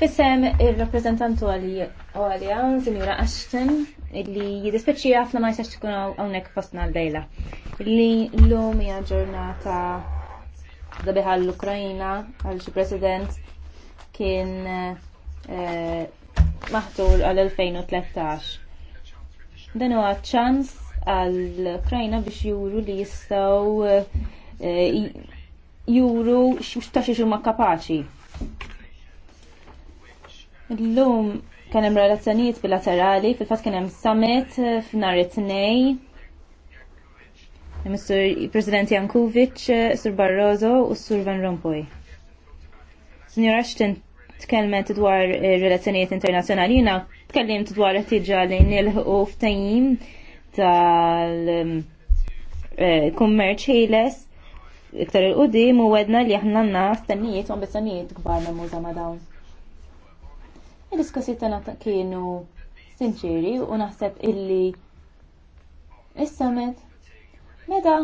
Fissem il-rappresentantu għalli għalja, Signora Ashton, li jidispeċi għafna ma jisax tkun għonek fostna l-lejla. Li l-lum hija ġurnata dabiħa l-Ukrajina għal xi president kien eh, maħtur għal-2013. Dan huwa ċans għal-Ukrajna biex juru li jistgħu eh, juru x'tax huma kapaċi Illum kien hemm relazzjonijiet bilaterali, fil-fatt kien hemm summit eh, f'nhar it-tnej. Mr. President Jankovic, eh, Sur Barroso u Sur Van Rompuy. Signor Ashton tkellmet dwar eh, relazzjonijiet internazzjonali, jiena tkellimt dwar tiġa li nilħu ftajim tal-kummerċ mm, ħiles iktar il-qudim u wedna li aħna għandna stennijiet u ambizzjonijiet kbar memuża ma' dawn. Il-diskussi tagħna kienu sinċeri u naħseb illi is-summit meta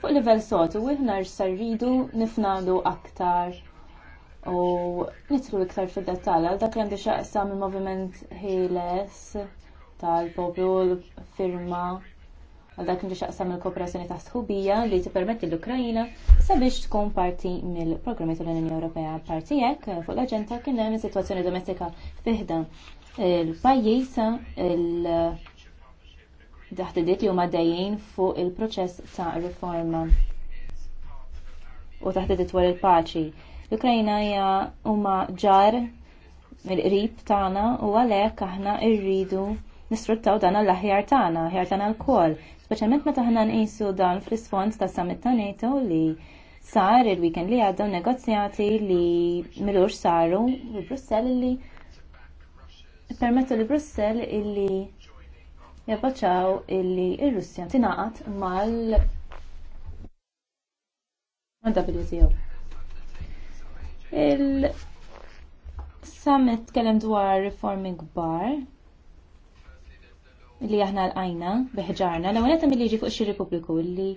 fuq livell sotu aħna rridu nifnadu aktar u nitlu iktar fid-dettall għal dak li għandi xaqsam il-moviment ħieles tal-poplu firma għal dak li xaqsam il-kooperazzjoni ta' sħubija li t-permetti l-Ukrajina sabiex tkun parti mill-programmi tal-Unjoni Ewropea. Parti hekk eh, fuq l agenda kien hemm is-sitwazzjoni domestika fiħda il-pajjiż il daħtidiet li huma dejjin fuq il-proċess ta' riforma u taħtidiet dwar il-paċi. L-Ukrajina hija huma ġar mill-qrib tagħna u għalhekk aħna rridu nisfruttaw dan l-aħjar tagħna, aħjar tagħna l-kol speċjalment meta ħana nqisu dan fl-isfond ta' summit ta' NATO li sar il-weekend li għaddew negozjati li milux saru fil Brussell li permettu li Brussell illi jabbaċaw illi r russja tingħaqad mal WTO. Il-summit kellem dwar reforming kbar li aħna l-għajna biħġarna l għonet mill liġi fuq xi Republiku li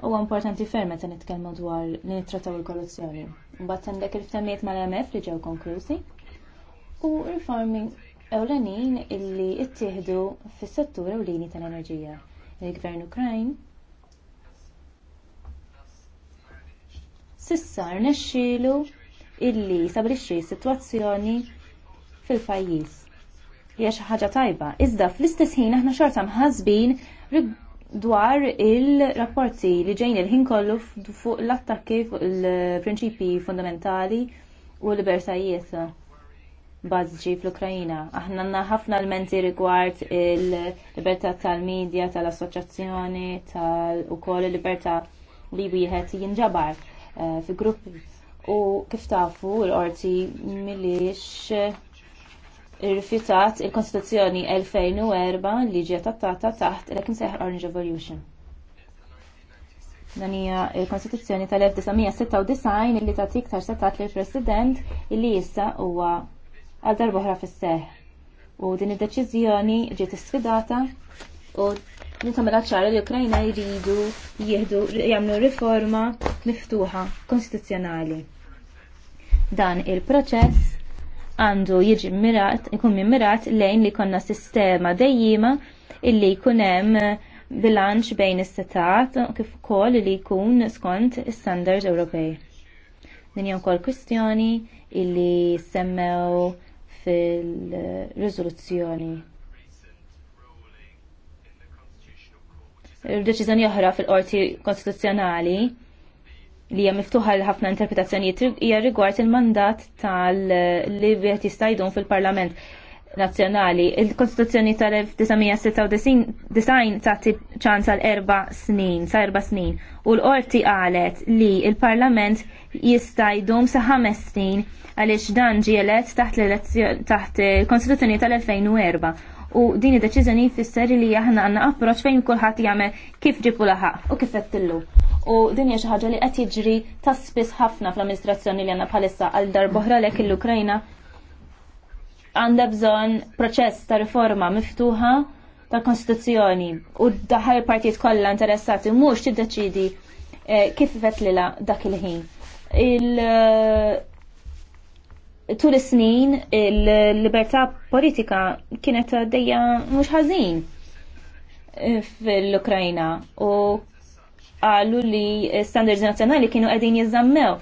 huwa importanti ferm meta nitkellmu dwar li nittrattaw il-korruzzjoni. Mbagħad għandek il-ftemiet mal-MF li ġew konklużi u reforming ewlenin illi ttieħdu fis-settur ewlieni tal-enerġija. Il-Gvern Ukrajn sissa rnexxielu illi sabrixxi s-sitwazzjoni fil-pajjiż hija xi ħaġa tajba. Iżda fl-istess ħin aħna xorta mħasbin dwar il-rapporti li ġejn il-ħin kollu fuq l-attakki fuq il-prinċipi fundamentali u l-libertajiet bażiċi fl-Ukrajina. Aħna għandna ħafna l-menti rigward il-libertà tal-medja, tal-assoċjazzjoni, tal-ukoll il-libertà li wieħed jinġabar eh, fi gruppi u kif tafu l-qorti miliex irrifjutat il-Konstituzzjoni 2004 li ġiet attattata taħt l-ekim seħ Orange Revolution. Dan hija l-Kostituzzjoni tal-1996 li tagħti iktar setat lill president illi issa huwa għal darbohra fis-seħ. U din id-deċiżjoni ġiet isfidata u nitamela ċara li l-Ukrajna jridu jieħdu jagħmlu riforma miftuħa konstituzzjonali. Dan il-proċess għandu jiġi mirat, ikun mirat lejn li konna sistema dejjima illi kunem bilanċ bejn is-setat kif ukoll li jkun skont is-standards Ewropej. Din hija wkoll kwistjoni illi semmew fil-riżoluzzjoni. Deċiżjoni oħra fil-qorti kostituzzjonali li hija miftuħa l ħafna interpretazzjonijiet hija rigward il-mandat tal-li qed jista' jdun fil-Parlament Nazzjonali. Il-Kostituzzjoni tal-1996 tagħti ċans għal erba snin, sa erba snin, u l-qorti qalet li il-Parlament jista' jdum sa ħames snin għaliex dan ġie elett taħt il-Kostituzzjoni tal-2004 u din id-deċiżjoni jfisser li aħna għandna approċċ fejn kulħadd jagħmel kif ġipu laħaq u kif qed U din hija xi ħaġa li qed jiġri ta' spiss ħafna fl-amministrazzjoni li għandna bħalissa għal darb'oħra lek l-Ukrajna għandha bżonn proċess ta' riforma miftuħa tal-Kostituzzjoni u daħal partijiet kollha interessati mhux tiddeċidi eh, kif qed lilha dak il-ħin. il ħin tul is-snin il-libertà politika kienet dejja mhux ħażin eh, fil-Ukrajna u għallu li standards nazzjonali kienu qegħdin jiżammew.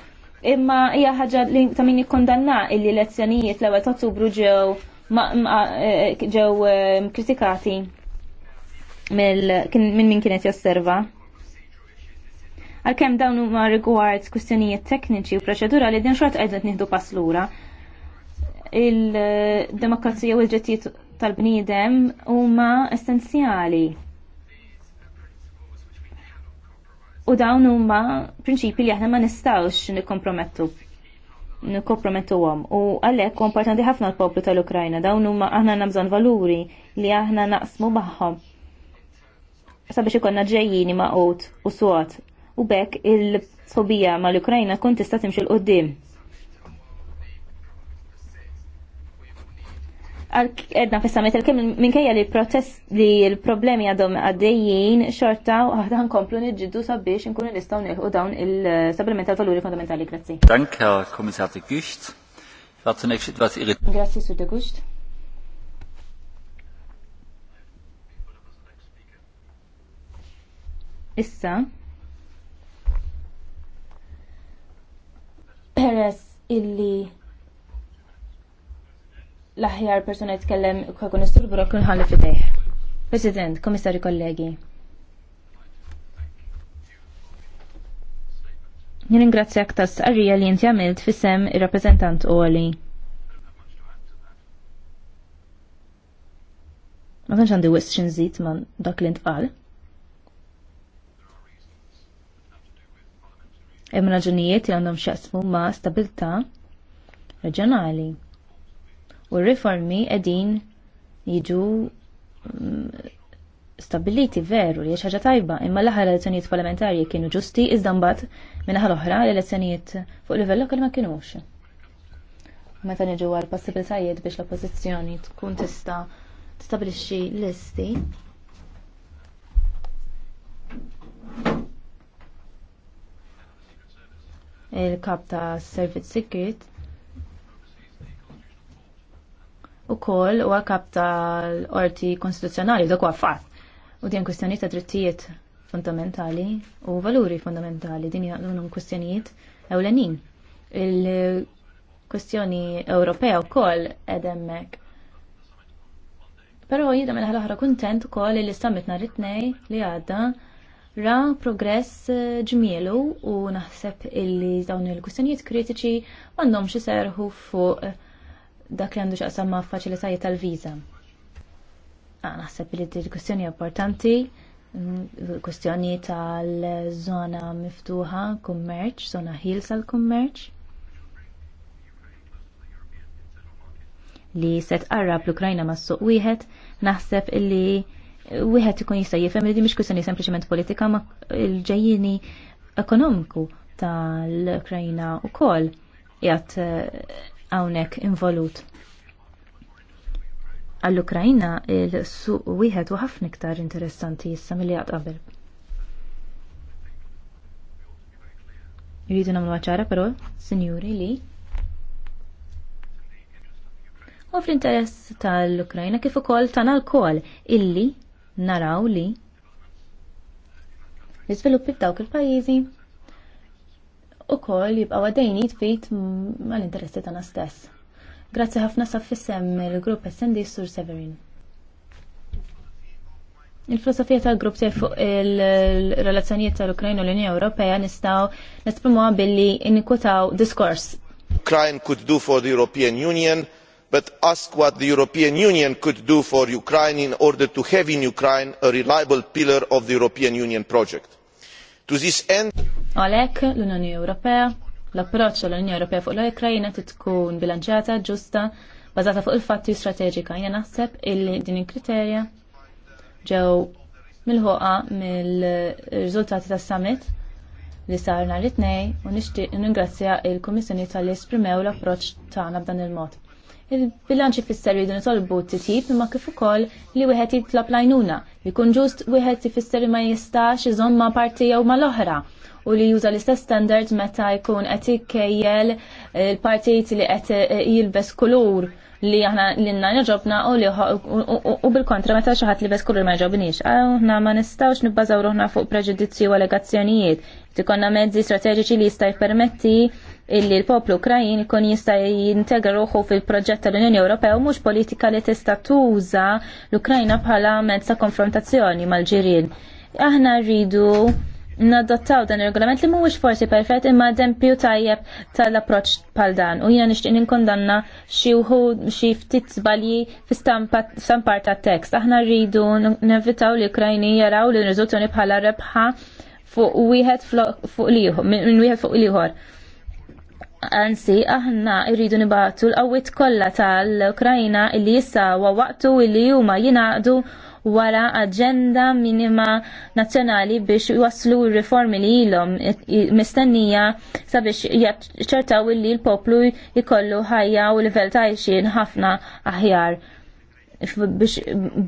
Imma hija ħaġa li ta' min jikkondanna l elezzjonijiet l-ewwel ta' Ottubru ġew eh, ġew eh, kritikati minn min kienet josserva. għalkemm dawn huma rigward kwistjonijiet tekniċi u proċedura li din xort qegħdet nieħdu pass lura, il-demokrazija u l-ġettijiet tal-bniedem huma essenzjali. U dawn huma prinċipi li aħna ma nistgħux nikkompromettu għom. u għalhekk importanti ħafna l-poplu tal-Ukrajna dawn huma aħna għandna valuri li aħna naqsmu magħhom. Sabiex ikonna ġejjini maqut u swat u bekk il-sobija mal-Ukrajna kun tista' timxi qudiem edna fissamet il-kem minkejja li protest li l-problemi għadhom għaddejjien xorta u għadhan komplu nġiddu sabiex nkunu nistaw nilħu dawn il sabrimental valuri fondamentali. Grazzi. Dank, Kommissar de Gust. Grazzi, Sur de Gust. Issa, l-aħjar persona jitkellem kakun istilbura kun ħalli fiteħ. President, komissari kollegi. Jien ingrazzjak ktas arrija li jinti għamilt fissem il-rappresentant għali. Ma tantx għandi xin xinżid ma' dak li ntqal. Hemm raġunijiet li għandhom x'jaqsmu ma' stabilta' reġjonali u r-riformi qegħdin jiġu mm, stabiliti veru li ħaġa tajba, imma l-aħħar elezzjonijiet parlamentarji kienu ġusti iżda mbagħad minn l oħra l-elezzjonijiet fuq livell lokali ma kienux. Meta niġu għal possibilitajiet biex l-oppożizzjoni tkun tista' tistabilixxi listi. Il-kap ta' Service Secret u kol u għakab tal-orti konstituzjonali, dak huwa U din kwestjoni ta' drittijiet fundamentali u valuri fundamentali, din jgħadunum kwestjonijiet ewlenin. il kustjoni Ewropea u kol edemmek. Pero jida il ħal kontent u kol li istammet narritnej it li għadda ra progress eh, ġmielu u naħseb illi dawn il kustjonijiet kritiċi għandhom xiserħu fuq dak li għandu xaqsam ma' faċilitajiet tal-viza. Ah, naħseb li d-kwestjoni importanti, mm, kustjoni tal-zona miftuħa, kummerċ, zona ħilsa l-kummerċ. Li set qarrab l-Ukrajna ma' suq wieħed, naħseb li wieħed ikun jista' jifhem li di mhix kwestjoni sempliċement politika ma' l-ġejjini ekonomiku tal-Ukrajna ukoll jgħat eh, hawnhekk involut. Għall-Ukrajna il-suq wieħed u ħafna iktar interessanti issa milli għad qabel. Jridu nagħmlu ċara però, sinjuri li u fl-interess tal-Ukrajna kif ukoll tana l illi naraw li l-iżviluppi f'dawk il-pajjiżi u ukoll jibqgħu għadejn jitfit mal-interessi tagħna stess. Grazzi ħafna saffissem fissem il-grupp SND Sur Severin. Il-filosofija tal-grupp tiegħi fuq il-relazzjonijiet tal-Ukrajna u l-Unjoni Ewropea nistgħu nesprimuha billi inikutaw diskors. Ukraine could do for the European Union but ask what the european union could do for ukraine in order to have in ukraine a reliable pillar of the european union project. to this end Għalhekk l-Unjoni Ewropea, l-approċċ l-Unjoni Ewropea fuq l-Ukrajna tkun bilanċjata, ġusta, bażata fuq il-fatti strateġika. Jiena naħseb illi din il-kriterja ġew mill-ħoqa mill-riżultati tas-summit li sar nhar it tnejn u nixtieq ningrazzja il-Kummissjoni tal-li esprimew l-approċċ tagħna b'dan il-mod. Il-bilanċ ifisser li nitolbu titjib imma kif ukoll li wieħed jitlab lajnuna, jkun ġust wieħed ifisser ma jistax iżomm ma' parti jew mal-oħra u li juża l-istess standard meta jkun qed ikkejjel il-partijiet eh, li qed eh, jilbes kulur li aħna l-inna ġobna u bil-kontra meta xi ħadd libes kulur ma ġobniex. Aħna ma nistgħux nibbażaw ruħna fuq preġudizzji u allegazzjonijiet. Tikonna mezzi strateġiċi li jista' jippermetti illi l-poplu Ukrajin ikun jista' jintegra ruħu fil-proġett tal-Unjoni Ewropea u mhux politika li tista' tuża l-Ukrajna bħala mezz ta' konfrontazzjoni mal-ġirien. Aħna rridu nadottaw dan il-regolament li mhuwiex forsi perfett imma dempju tajjeb tal-approċċ bħal dan u jiena nixtieq ninkondanna xi wħud xi ftit żbalji fi stampar tat-tekst. Aħna rridu nevitaw li Ukrajni jaraw li riżoluzzjoni bħala rebħa fuq wieħed fuq minn wieħed fuq liħor. Anzi, aħna irridu nibatu l-qawwiet kollha tal-Ukrajna illi issa wa waqtu illi huma jingħaqdu wara aġenda minima nazzjonali biex r riformi li ilhom mistennija sabiex jaċċertaw li l-poplu jkollu ħajja u livell ta' għajxin ħafna aħjar biex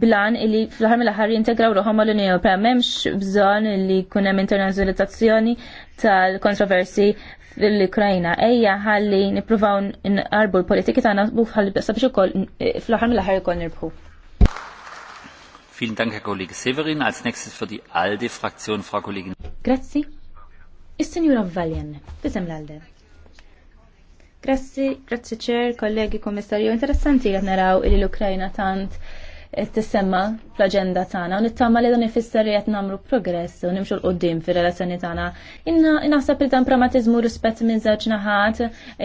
blan illi fl-ħar mill-ħar jintegraw ruħom għal-Unjoni Ewropea m'hemmx bżonn li jkun hemm tal-kontroversi fil ukrajna Ejja ħalli nippruvaw nqarbu l-politiki tagħna sabiex fl ħar mill ħar ikoll nirbħu. Vielen Dank, Herr Kollege Severin. Als nächstes für die ALDE-Fraktion Frau Kollegin. Grazzi. Is-Sinjura Valjen, bisem l'ALDE. Grazie, grazie, Chair, ċer, kollegi, kommissarju. Interessanti għad naraw il l-Ukrajna tant tissemma fl-agenda tagħna u nittama li dan ifisser li qed nagħmlu progress u nimxu l qoddim fir-relazzjoni tagħna. Naħseb il dan pragmatizmu rispett minn żewġ naħat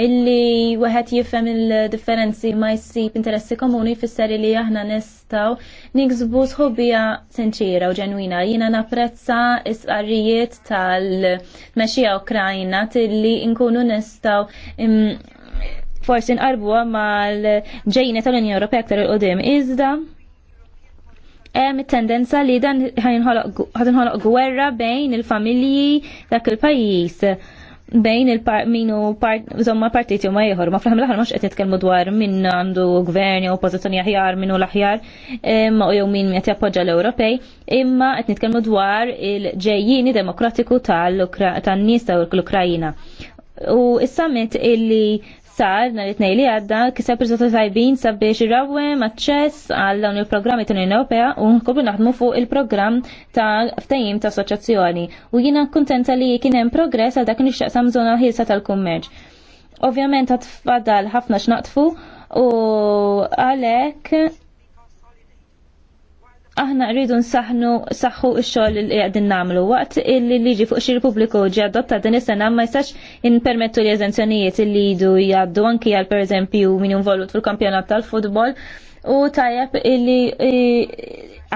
illi wieħed jifhem il-differenzi ma jsib interessi komuni jfisser li aħna nistgħu niksbu sħobija sinċira u ġenwina. Jiena napprezza is-qarrijiet tal-mexxija Ukrajna tilli nkunu nistgħu forsi nqarbuha mal-ġejni tal-Unjoni Ewropea aktar il-qudiem iżda hemm tendenza li dan inħoloq gwerra bejn il-familji dak il-pajjiż bejn il-minu zomma partiti u ma jħor, ma fl-ħam l mux għet jitkelmu dwar minn għandu gvern u pozizjoni aħjar minnu l-aħjar, ma u jew minn għet jappoġġa l-Ewropej, imma għet nitkelmu dwar il-ġejjini demokratiku tal nista ta' l-Ukrajina. U is-summit illi sar nar it li għadda kiseb riżultati tajbin sabiex irawwem aċċess għal dawn il-programmi tal Unjoni Ewropea u nkobru naħdmu fuq il-programm ta' ftehim ta' assoċjazzjoni. U jiena kontenta li kien hemm progress għal dak li xtaqsam żona ħilsa tal kummerġ Ovvjament għad fadal ħafna x'naqtfu u għalek aħna rridu nsaħnu saħħu x-xogħol li qegħdin nagħmlu waqt illi liġi fuq xi pubbliku ġi adotta din is-sena ma jistax inpermettu li eżenzjonijiet li jdu jgħaddu anki għal pereżempju min involut fil-kampjonat tal-futbol u tajjeb illi e,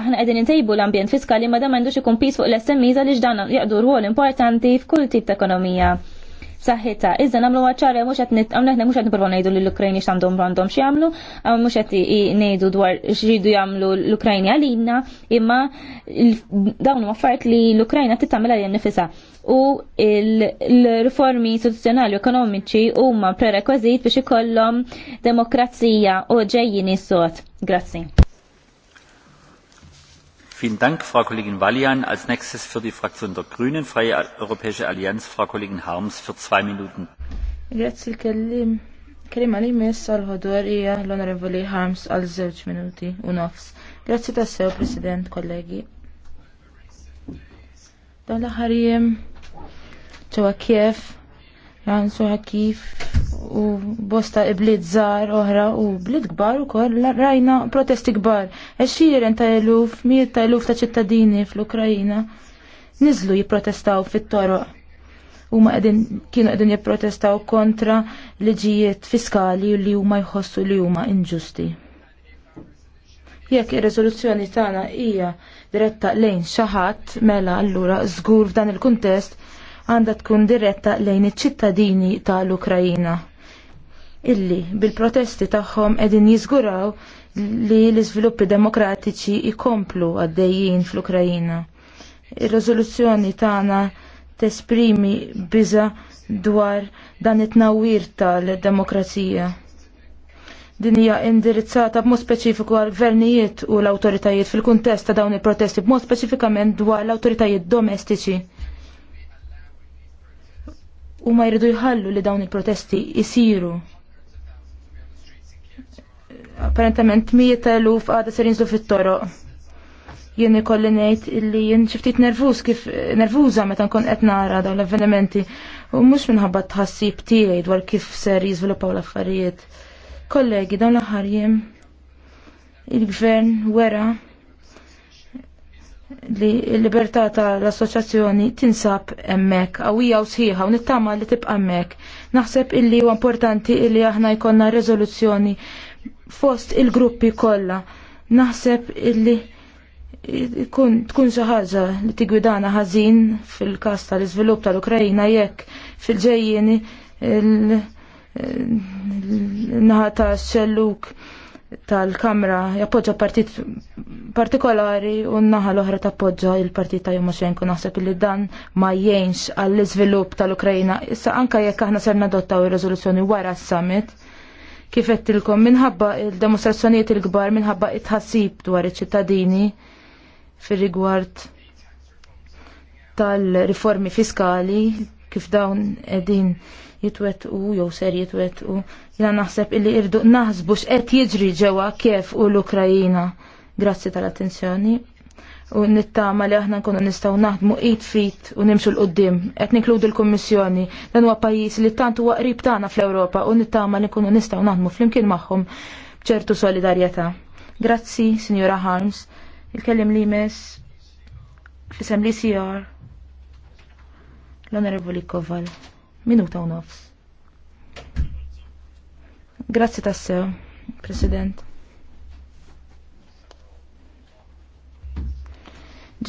aħna qegħdin intejbu l-ambjent fiskali ma dam m'għandux ikun pis fuq l-SMEs għaliex dan jaqdu rwol importanti f'kull tip ta' ekonomija saħħita. Iżda nagħmlu namlu għacċara mux għet għamleħna mhux qed niprofaw ngħidu l-Ukrajni x'għandhom għandhom x'jamlu, mhux qed ngħidu dwar x'ridu jagħmlu l-Ukrajni għalina, imma dawn huma affarijiet li l-Ukrajna tagħmel li nifisha U l-riformi istituzzjonali u ekonomiċi huma prerekwizit biex ikollhom demokrazija u ġejjin is-sod. Grazzi. Vielen Dank, Frau Kollegin Valian. Als nächstes für die Fraktion der Grünen, Freie Europäische Allianz, Frau Kollegin Harms für zwei Minuten. Grazie, kellim. Kellim għalim jessa l-ħodur ija Harms għal żewġ minuti u Grazie ta' sew, President, kollegi. Dawn ħarijem ċewa Kiev Ranzu kif u bosta iblid żgħar oħra u gbar kbar ukoll rajna protesti kbar. Eċxiren ta' eluf, miet ta' eluf ta' ċittadini fl-Ukrajina niżlu jipprotestaw fit-toroq. ma' qegħdin kienu edin jipprotestaw kontra liġijiet fiskali li huma jħossu li huma inġusti. Jekk ir-riżoluzzjoni tagħna hija diretta lejn xaħat mela allura żgur f'dan il-kuntest għandha tkun diretta lejn iċ-ċittadini tal-Ukrajina illi bil-protesti tagħhom qegħdin jiżguraw li l-iżviluppi demokratiċi jkomplu għaddejjin fl-Ukrajina. Ir-riżoluzzjoni tagħna tesprimi biża dwar dan it-tnawwir tal-demokrazija. Din hija indirizzata b'mod speċifiku għal gvernijiet u l-awtoritajiet fil-kuntest ta' dawn il-protesti b'mod speċifikament dwar l-awtoritajiet domestiċi u ma jridu jħallu li dawn il-protesti jisiru. Apparentament mijiet ta' eluf għada ser jinżlu fit-toro. Jien ikolli ngħid illi jien xiftit nervuż kif nervuża meta nkun qed nara dawn l-avvenimenti u mhux minħabba tħassib tiegħi dwar kif ser jiżviluppaw l-affarijiet. Kollegi, dawn l-aħħar il-gvern wera li l-libertà tal-assoċjazzjoni tinsab hemmhekk qawwija u sħiħa u nittama li tibqa' hemmhekk. Naħseb illi huwa importanti illi aħna jkollna riżoluzzjoni fost il-gruppi kollha. Naħseb illi tkun xi ħaġa li tigwidana ħażin fil-każ tal-iżvilupp tal ukraina jekk fil-ġejjieni il-naħa ta' xelluk tal-Kamra jappoġġa partit partikolari u n-naħa l-oħra tappoġġa il-partit ta' Jomoshenko naħseb li dan ma jgħinx għall-iżvilupp tal ukrajina Issa anka jekk aħna serna nadottaw ir-riżoluzzjoni wara s-summit, kif qedtilkom minħabba il-demonstrazzjonijiet il-kbar minħabba it-ħassib dwar iċ-ċittadini fir-rigward tal-riformi fiskali kif dawn edin u jew ser u Jina naħseb illi irdu naħsbu x'qed jiġri ġewwa kif u l-Ukrajina. Grazzi tal-attenzjoni. U nittama li aħna nkunu nistgħu naħdmu id fit u nimxu l-qoddim. Qed nikludu l-Kummissjoni dan huwa pajjiż li tant huwa qrib tagħna fl-Ewropa u nittama li nkunu nistgħu naħdmu flimkien magħhom b'ċertu solidarjetà. Grazzi, Sinjora Harms. Il-kellim li mes fisem li sijar. L-Onorevoli Koval, minuta u nofs. Grazzi tassew, President.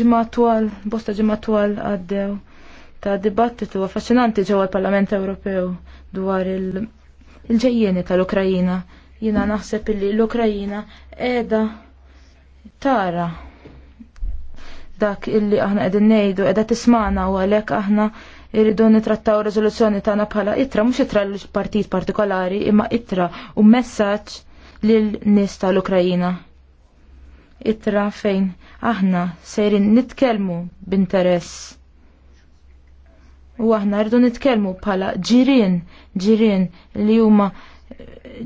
Ġimatwal, bosta ġimatwal għaddew ta' dibattitu affaċinanti ġewwa l-Parlament Ewropew dwar il-ġejjeni il ġejjeni tal ukrajina Jina naħseb illi l-Ukrajina qiegħda tara dak illi aħna qegħdin ngħidu qiegħda tismana u għalhekk aħna irridu nitrattaw riżoluzzjoni tagħna bħala ittra mhux ittra l partit partikolari imma itra u messaġġ lil nies tal-Ukrajina. Itra fejn aħna sejrin nitkellmu b'interess. U aħna rridu nitkellmu bħala ġirien, ġirien li huma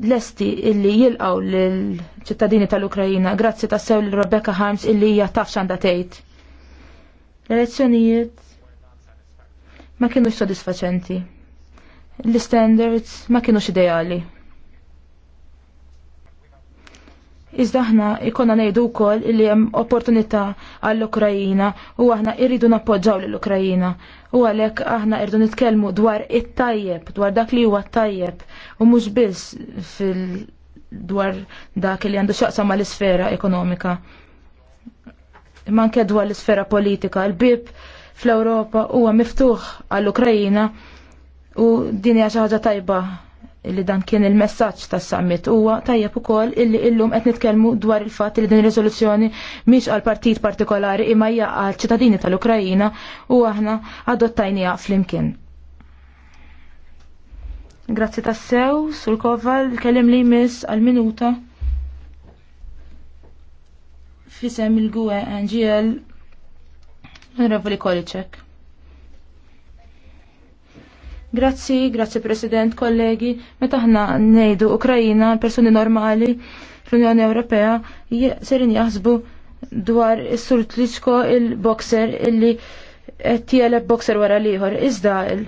lesti illi jilqaw lil ċittadini tal-Ukrajina. Grazzi tassew l-Rebecca Harms illi hija taf x'għandha tgħid. L-elezzjonijiet ma kienux sodisfaċenti. L-standards ma kienux ideali. Iżda aħna ikonna ngħidu wkoll li hemm opportunità għall-Ukrajina u aħna irridu nappoġġaw lill-Ukrajina. U għalhekk aħna irridu nitkellmu dwar it-tajjeb, dwar dak li huwa tajjeb u mhux biss fil dwar dak li għandu xaqsa mal-isfera ekonomika imma anke dwar l-isfera politika. l bib fl-Ewropa huwa miftuħ għall-Ukrajina u din hija xi ħaġa tajba li dan kien il-messaġġ tas-summit huwa tajjeb ukoll illi illum qed nitkellmu dwar il-fatt li din riżoluzzjoni mhix għal partit partikolari imma hija għal ċittadini tal-Ukrajina u aħna adottajniha flimkien. Grazzi tassew, sur koval, kellim li jmiss għal minuta fisem il gwe NGL Onorevoli Kolicek. Grazzi, grazzi President, kollegi, meta ħna nejdu Ukrajina, persuni normali fl-Unjoni Ewropea, serin jaħsbu dwar is-sur il-bokser illi tieleb bokser wara liħor. Iżda il-,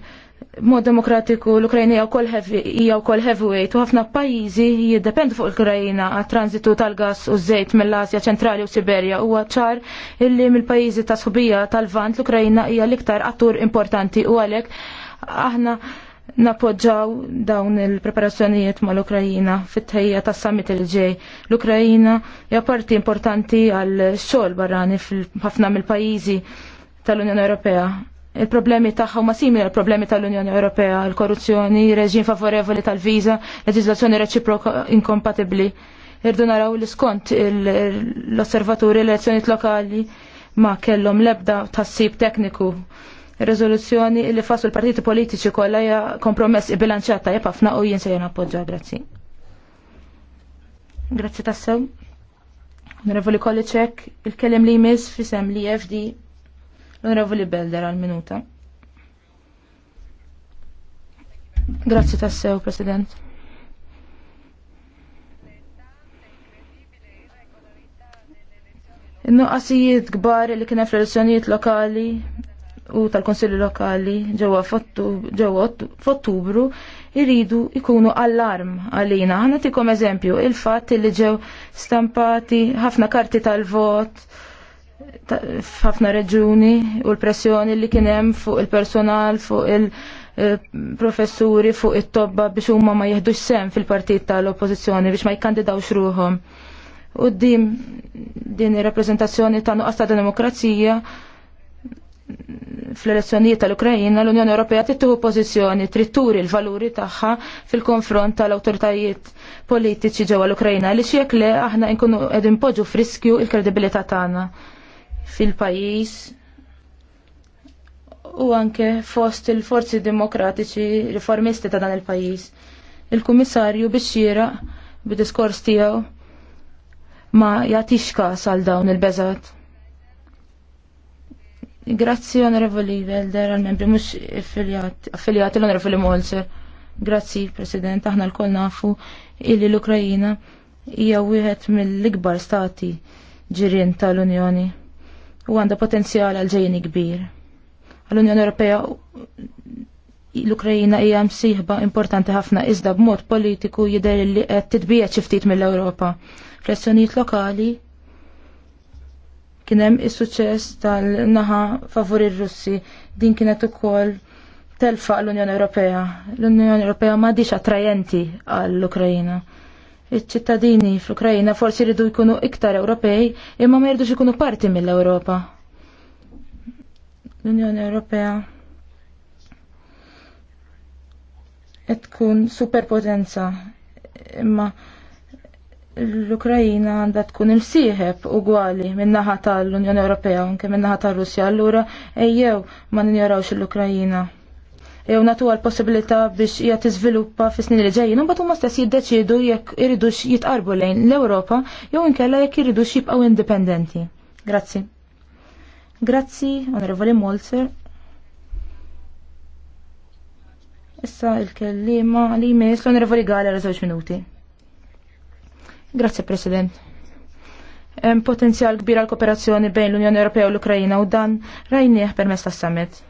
mod demokratiku l-Ukrajna hija wkoll hija wkoll heavyweight u ħafna pajjiżi jiddependu fuq l-Ukrajna għat-transitu tal-gas u żejt mill-Asja ċentrali u Siberja huwa ċar illi mill-pajjiżi ta' sħubija tal-Vant l-Ukrajna hija l-iktar attur importanti u għalhekk aħna napoġġaw dawn il-preparazzjonijiet mal ukrajina fit-tħejja tas summit il-ġej. L-Ukrajina hija parti importanti għal xogħol barrani fil-ħafna mill-pajjiżi tal-Unjoni Ewropea il-problemi tagħha huma simili għal problemi tal-Unjoni Ewropea, il-korruzzjoni, reġim favorevoli tal-viża, leġiżlazzjoni reċiproka inkompatibbli. Irdu naraw li skont l-osservaturi l-elezzjonijiet lokali ma kellhom lebda tassib tekniku. Rezoluzzjoni li fasu l-partiti politiċi kollha hija kompromess bilanċata jeb ħafna u jien se jien appoġġja, grazzi. Grazzi tassew. Onorevoli ċek, il-kellem li jmiss fisem li FD L-Onorevoli Belder għal-minuta. Grazzi tassew, President. Il-nuqqasijiet gbar li kien fl-elezzjonijiet lokali u tal-konsilli lokali ġewwa f'Ottubru irridu ikunu allarm għalina. Ħanatikom eżempju il-fatt li ġew stampati ħafna karti tal-vot f'ħafna reġuni u l-pressjoni li kien hemm fuq il-personal, fuq il-professuri, fuq it-tobba biex huma ma jeħdux sem fil-partit tal-oppożizzjoni biex ma jikkandidawx ruhom. U din din ir-rappreżentazzjoni ta' nuqqas ta' demokrazija fl-elezzjonijiet tal-Ukrajina l-Unjoni Ewropea tittuħu pożizzjoni trid turi l-valuri tagħha fil-konfront tal-awtoritajiet politiċi ġewwa l għaliex li le aħna nkunu qegħdin poġġu friskju l kredibilità tagħna fil-pajis u anke fost il-forzi demokratiċi riformisti ta' dan il-pajis. Il-kummissarju bixxira bid-diskors tiegħu ma jagħtix każ għal dawn il-beżat. Grazzi Onorevoli Velder għal membri mhux affiljati l-Onorevoli Molzer. Grazzi President, aħna l-kol nafu illi l-Ukrajina hija wieħed mill-ikbar stati ġirien tal-Unjoni u għandha potenzjal għal ġejjin kbir. Għall-Unjoni Ewropea l-Ukrajina hija msieħba importanti ħafna iżda b'mod politiku jidher li qed titbija ftit mill-Ewropa. fl lokali kien hemm is-suċċess tal-naħa favur ir-Russi din kienet ukoll telfa l-Unjoni Ewropea. L-Unjoni Ewropea m'għadix attrajenti għall-Ukrajina. Iċ-ċittadini fl-Ukrajina forsi ridu jkunu iktar Ewropej imma ma jirdux ikunu parti mill-Ewropa. L-Unjoni Ewropea qed tkun superpotenza imma l-Ukrajina għandha tkun il-sieħeb ugwali min-naħa tal-Unjoni Ewropea anke min-naħa tar-Russja allura ejjew ma ninjorawx l-Ukrajina jew natu għal possibilità biex hija tiżviluppa fis-snin li ġejjin, imbagħad ma stess jiddeċidu jekk iridux jitqarbu lejn l-Ewropa jew inkella jekk iridux jibqgħu indipendenti. Grazzi. Grazzi, Onorevoli Molzer. Issa il-kellima li jmiss l-Onorevoli għal żewġ minuti. Grazzi, President potenzjal kbir għal kooperazzjoni bejn l-Unjoni Ewropea u l-Ukrajina u dan rajnieh permezz tas-summit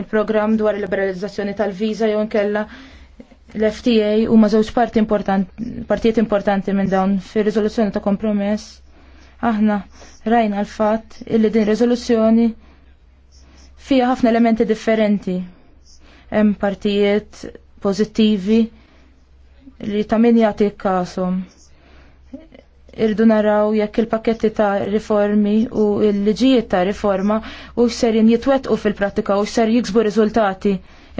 il-programm dwar il-liberalizzazzjoni tal-viża jew inkella l-FTA u ma żewġ parti importanti, partijiet importanti minn dawn fir-riżoluzzjoni ta' kompromess. Aħna rajna l-fatt illi din riżoluzzjoni fija ħafna elementi differenti. Hemm partijiet pożittivi li ta' min jagħti kasom irdu naraw jekk il-paketti ta' riformi u l-liġijiet ta' riforma u xserin jitwetqu fil-pratika u xser jiksbu riżultati.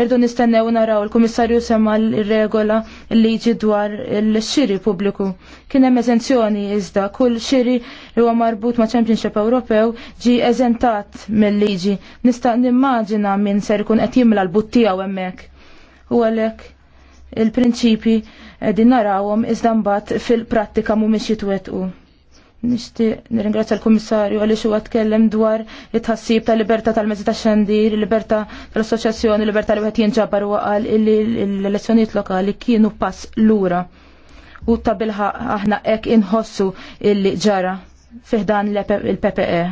Irdu nistennew naraw il-Kummissarju semma l-regola l-liġi dwar l-xiri pubbliku. Kien hemm eżenzjoni iżda kull xiri li huwa marbut ma' Championship Ewropew ġi eżentat mill-liġi. Nista' nimmaġina minn ser ikun qed jimla l-buttija hemmhekk. U għalhekk il-prinċipi qegħdin narawhom iżda mbagħad fil-prattika mhumiex jitwettqu. Nixtieq nirringrazzja l-Kummissarju għaliex huwa tkellem dwar it-ħassib tal libertà tal-mezzi tax-xandir, libertà tal-assoċjazzjoni, libertà li wieħed jinġabar u qal illi l-elezzjonijiet lokali kienu pass lura. U ta' bilħaq aħna hekk inħossu illi ġara fiħdan il-PPE.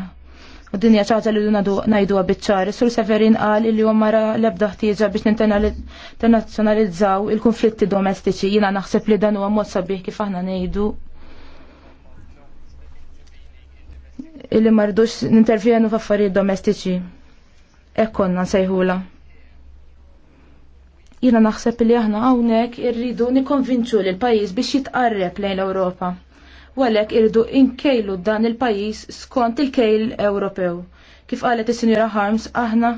U dinja ċaġa li duna najdu għabitċar. Sur Severin qal li huwa mara lebda ħtieġa biex internazjonalizzaw il-konflitti domestiċi. Jina naħseb li dan huwa mod sabiħ kif aħna nejdu illi mardux nintervjenu f'affarijiet domestiċi. Ekkonna sejħula. Jina naħseb li aħna hawnhekk irridu nikkonvinċu l pajjiż biex jitqarreb lejn l-Ewropa u għalek irdu inkejlu dan il-pajjiż skont il-kejl Ewropew. Kif qalet is-Sinjura Harms aħna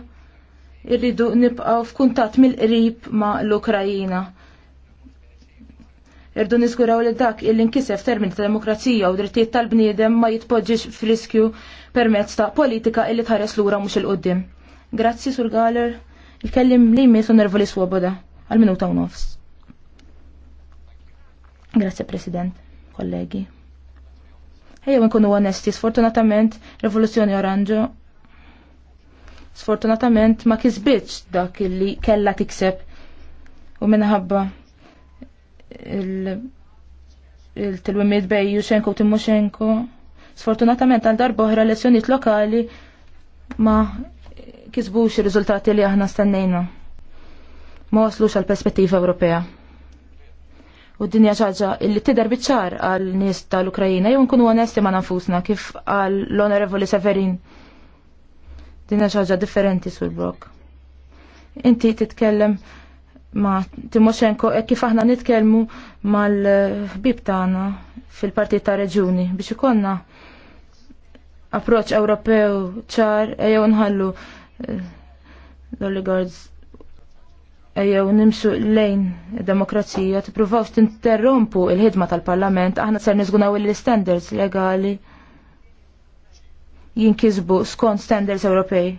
irridu nibqgħu f'kuntatt mill-qrib ma' l-Ukrajina. Irdu niskuraw li dak il inkisef termini ta' demokrazija u drittijiet tal-bniedem ma jitpoġġiġ f'riskju permezz ta' politika illi tħares lura mhux il-qudiem. Grazzi Sur Galer, il-kellim li jmiss nervoli swoboda għal-minuta u nofs. Grazie President, kollegi. Ejjew nkunu onesti, sfortunatament Revoluzzjoni Oranġo sfortunatament ma kisbitx dak li kella tikseb u minħabba il-tilwimiet bej Jushenko u Timoshenko. Sfortunatament għal uħra lezzjoniet lokali ma kisbux il-riżultati li aħna stennejna. Ma waslux għal perspettiva Ewropea. U d-dinja ċaġa illi tidher biċ-ċar għal nies tal-Ukrajina jow nkunu onesti ma' nafusna kif għal l-Onorevoli Severin. Dinja ċaġa differenti sur blok. Inti titkellem ma' Timoshenko e kif aħna nitkellmu mal-ħbib tagħna fil-Partit ta' Reġuni biex ikonna approċ Ewropew ċar e jew nħallu eh, l-oligards Ejjew nimsu lejn demokrazija, tippruvaw tinterrompu il-ħidma tal-parlament, aħna ser nizgunaw il-standards legali jinkisbu skont standards Ewropej.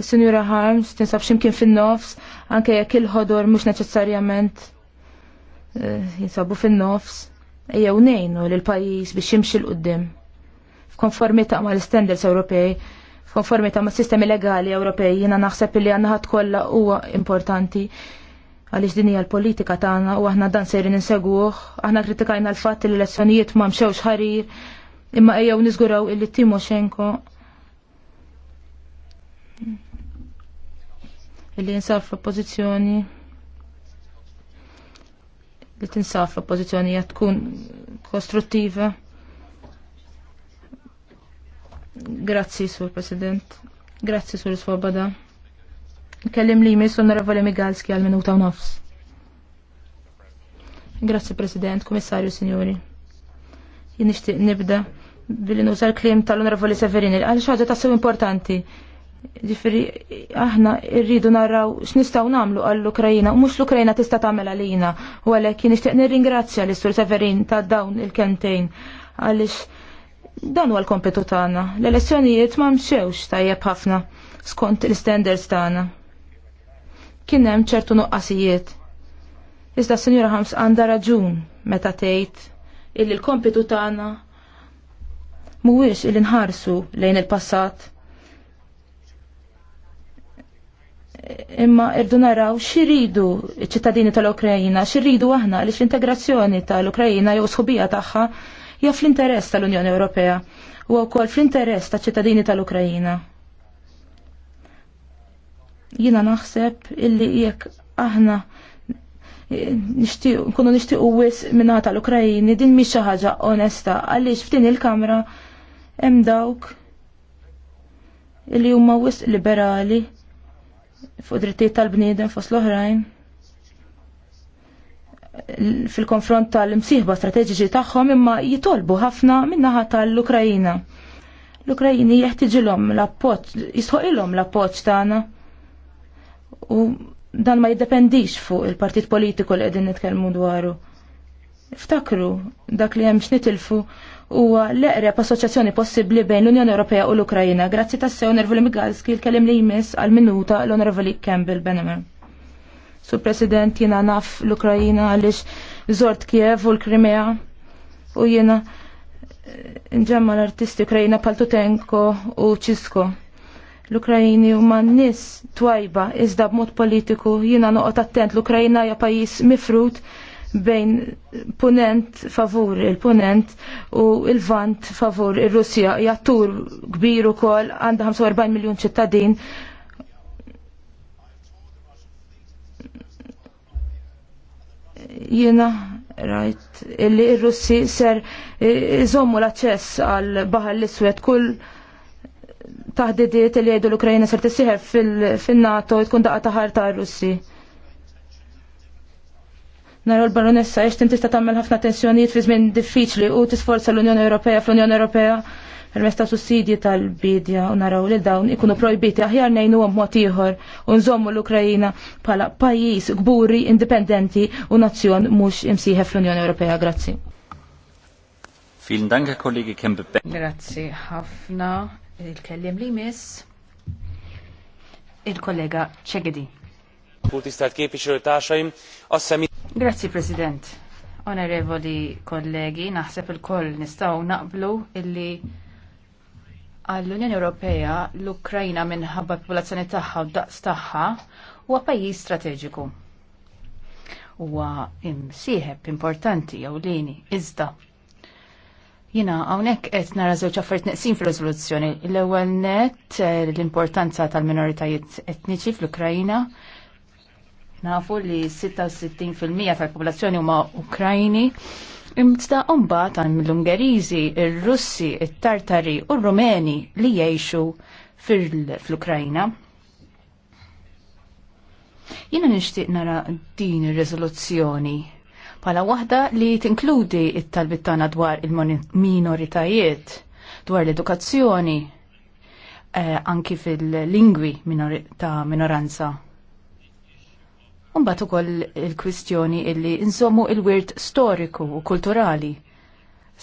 Is-Sinjura Harms tinsab ximkien fin-nofs, anke jekk il-ħodor mhux neċessarjament eh, jinsabu fin-nofs, ejjew nejnu lil pajjiż biex jimxi l-qudiem. F'konformità mal-standards Ewropej, f'konformità ma' sistemi legali Ewropej jiena naħseb li għandna ħadd kollha huwa importanti għaliex din hija l-politika tagħna u aħna dan sejrin inseguh, aħna kritikajna l-fatt li l-elezzjonijiet ma mxewx ħarir, imma ejjew niżguraw illi Timoshenko illi jinsab f'oppożizzjoni li tinsab f'oppożizzjoni hija tkun kostruttiva Grazzi, Sur President. Grazzi, Sur Svoboda. Kellim li jmiss onorevoli Migalski għal minuta u nofs. Grazzi, President, Komissarju, Signori. Jien nixtieq nibda billi nuża l-klim tal-onorevoli Severini għal xaġa tassew importanti. Ġifiri, aħna rridu narraw x'nistgħu nagħmlu għall-Ukrajina u mhux l-Ukrajina tista' tagħmel għalina. U għalhekk jien nixtieq nirringrazzja l-Istur Severin ta' dawn il-kentejn għaliex Dan huwa l-kompetu tagħna. L-elezzjonijiet ma mxewx tajjeb ħafna skont l-standards tagħna. Kien hemm ċertu nuqqasijiet. Iżda s Sinjura Ħams għandha raġun meta tgħid illi l-kompetu tagħna mhuwiex illi nħarsu lejn il-passat. Imma irdu naraw xiridu ċittadini tal-Ukrajina, xirridu aħna li l-integrazzjoni tal-Ukrajina jew sħubija tagħha hija fl-interess tal-Unjoni Ewropea u wkoll fl-interess taċ-ċittadini tal-Ukrajina. Jina naħseb illi jekk aħna nkunu nixtiequ wis minnha tal-Ukrajini din mhix xi ħaġa onesta għaliex f'din il-kamra hemm dawk illi huma wis liberali fuq drittijiet tal-bniedem fost l-oħrajn fil-konfront tal-imsieħba strateġiċi tagħhom imma jitolbu ħafna min-naħa tal-Ukrajina. L-Ukrajini jeħtiġilhom l-appoġġ, jisħoqilhom l-appoġġ tagħna. U dan ma jiddependix fuq il-partit politiku li qegħdin nitkellmu dwaru. Ftakru dak li hemm xnitilfu huwa l-eqreb assoċjazzjoni possibbli bejn l-Unjoni Ewropea u l-Ukrajina. Grazzi tassew l Migalski l-kelim li jmiss għal-minuta l-Onorevoli Campbell Benemer. Sur President, jina naf l-Ukrajina għalix zort Kiev u l-Krimea u jina eh, nġemma l-artisti Ukrajina Paltutenko u Ċisko. L-Ukrajini u man nis twajba iżda b'mod politiku jina noqot attent l-Ukrajina ja pajis mifrut bejn punent favur il-punent u il-vant favur il-Russja jattur kbir kol għanda 45 miljon ċittadin Jiena rajt illi r-Russi ser eh, iżommu l access għal baħal l-Iswed kull taħdidiet li jgħidu l-Ukrajina ser tissieħer fil-NATO tkun daqqa' taħar ta' Russi. Naraw l-baronessa, jiex tista' tagħmel ħafna tensjoniet fi żmien diffiċli u tisforza l-Unjoni Ewropea fl-Unjoni Ewropea permezz ta' sussidji tal-bidja u naraw li dawn ikunu projbiti aħjar nejnu għom ieħor u nżommu l-Ukrajina bħala pajjiż gburi, indipendenti u nazzjon mhux imsiħe fl-Unjoni Ewropea. Grazzi. Vielen Dank, kollegi Kempe. Grazzi ħafna. Il-kellim li miss il-kollega Ċegedi. Grazzi President. Onorevoli kollegi, naħseb il-koll nistaw naqblu illi għall-Unjoni Ewropea l-Ukrajna minħabba popolazzjoni tagħha u daqs tagħha huwa pajjiż strateġiku. Huwa imsieħeb importanti lini iżda. Jina hawnhekk qed nara żewġ affarijiet neqsin fir-riżoluzzjoni. L-ewwel net l-importanza tal-minoritajiet etniċi fl-Ukrajna nafu li 66% tal-popolazzjoni huma Ukrajni Imtda umbat ta' l-Ungerizi, il-Russi, il-Tartari u l-Rumeni li jiexu fil-Ukrajna. Jina nishtiq nara din ir-riżoluzzjoni pala waħda li tinkludi it-talbit tagħna dwar il-minoritajiet, dwar l-edukazzjoni, eh, anki fil-lingwi ta' minoranza. Umbat ukoll il-kwistjoni illi insommu il-wirt storiku u kulturali